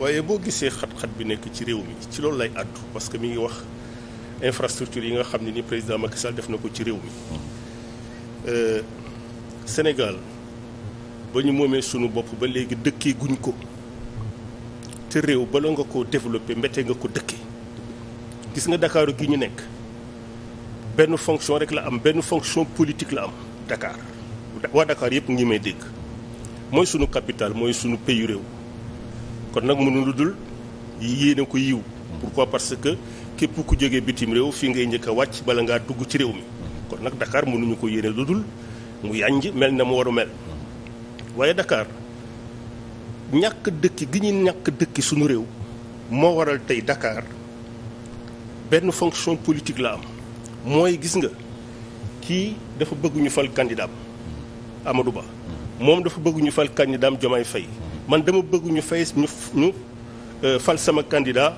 waaye boo gisee xat-xat bi nekk ci réew mi ci loolu lay àddu parce que mi ngi wax infrastructure yi nga xam ne ni président Macky Sall def na ko ci réew mi euh, Sénégal ba ñu moomee sunu bopp ba léegi dëkkee guñ ko te réew bala nga ko développé mbete nga ko dëkkee gis nga Dakaaru gi ñu nekk benn fonction rek la am benn fonction politique la am Dakar waa Dakar yëpp ngi may dégg mooy sunu capitale mooy sunu payu réew kon nag mënu lu dul yéene ko yiw pourquoi parce que képp ku jógee bitim réew fii ngay njëkk a wàcc bala ngaa tugg ci réew mi kon nag Dakar mënuñu ko yéene lu dul mu yànj mel na mu war mel waaye Dakar ñàkk dëkki gi ñu ñàkk dëkki suñu réew moo waral tey Dakar benn fonction politique la am mooy gis nga kii dafa bëgguñu ñu fal candidat Amadou Ba moom dafa bëgguñu ñu fal candidat Diomaye Faye man dama bëgg ñu fay ñu euh, fal sama candidat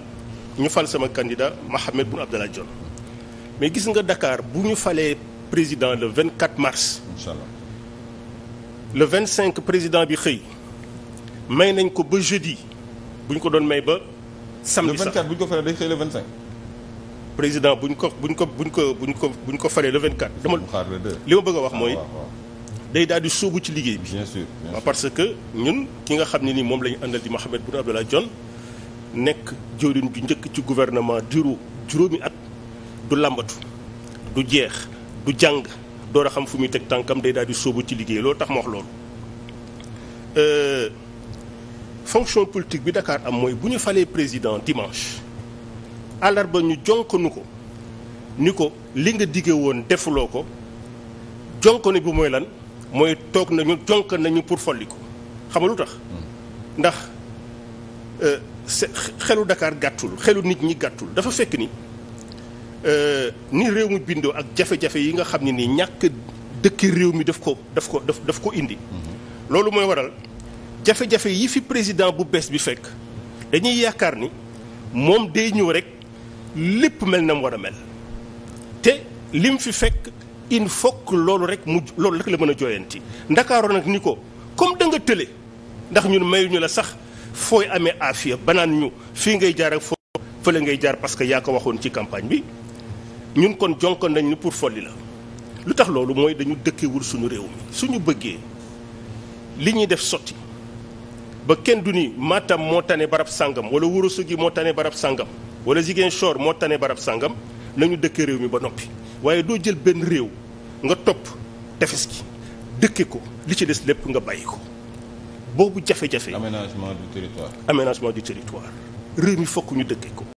ñu fal sama candidat Mahammed Boun Abdallah Dionne mais gis nga dakaar bu ñu falee président le 24 mars. inchallah le 25 président bi xëy may nañ ko ba jeudi bu ñu ko doon may ba. samedi sax bu ñu ko falee day xëy le 25. président bu ñu ko bu ñu ko bu ñu ko bu ñu ko bu ñu ko falee le 24. dama li ma bëgg a wax ah, mooy. day daal di sóobu ci liggéey bi. bien parce que ñun ki nga xam ne ni moom la ñu àndal di Mahammed Boun Abdallah jon nekk jëwriñ ju njëkk ci gouvernement duru juróomi at du làmbatu du jeex du jàng door a xam fu muy teg tànkam day daal di sóobu ci liggéey loolu tax ma wax loolu. Euh, fonction politique bi Dakar am mooy bu ñu falee président dimanche àllarba ñu jonkonu ko ni ko li nga diggee woon defuloo ko jonkoni bi mooy lan. mooy toog nañu jonk nañu pour folli ko xam nga lu tax ndax euh, xelu dakaar gàttul xelu nit ñi gàttul dafa fekk ni euh, ni réew mi bindoo ak jafe-jafe yi nga xam ne ni ñàkk dëkki réew mi daf ko daf ko daf ko indi mm-hmm. loolu mooy waral jafe-jafe yi fi président bu bees bi fekk dañuy yaakaar ni moom day ñëw rekk lépp mel na mu war a mel te lim fi fekk il faut loolu rek mu loolu rek la mën a jooyanti ndakaaru nag ni ko comme da nga tële ndax ñun mayuñu la sax fooy amee afiya banaan ñu fii ngay jaar ak foo fële ngay jaar parce que yaa ko waxoon ci campagne bi ñun kon jonkoon nañ ni pour folli la lu tax loolu mooy dañu dëkkewul suñu réew mi suñu bëggee li ñuy def sotti ba kenn du ni Matam moo tane barab sàngam wala Ourossogui moo tane barab sàngam wala Ziguinchor moo tane barab sàngam nañu dëkk réew mi ba noppi waaye doo jël benn réew nga topp tefes gi dëkke ko li ci des lépp nga bàyyi ko boobu jafe-jafe. aménagement du territoire. aménagement du territoire réew mi fokk ñu dëkke ko.